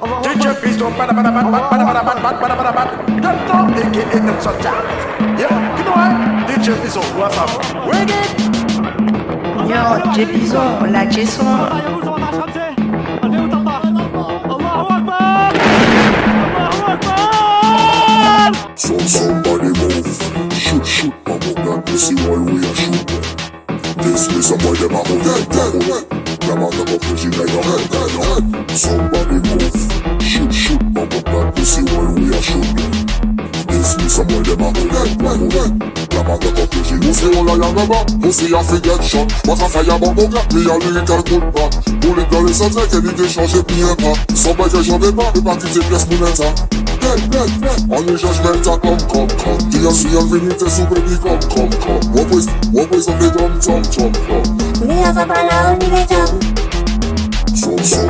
DJ Beast bada bada bada bada bada bada bada bada bada bada bada Gantro aka El Soja Yeah, you know what? DJ Beast what's up? Wing it Yo, j la j So somebody move. Shoot, shoot, we are shooting. This is don't Somebody move. Shoot, shoot, bump up see why we are shooting. This me some boy them a go get La a pussy, pussy all a shot. What a fire bomb go get me a good back. Bullet a any day change bien pas. Some boy just jump it pas the party take place Dead, dead, dead. On the judgment a come, come, come. The vinny come, come, come. What boys, what boys on the drum, drum, drum, drum. Me only get jump. Jump, jump.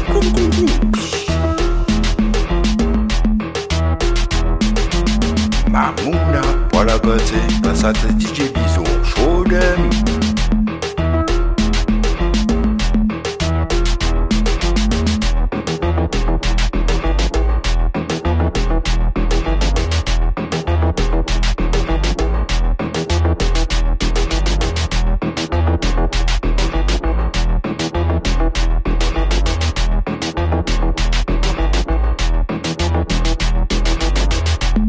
Mamouna. Voilà, bah, c'est un DJ Bison. Show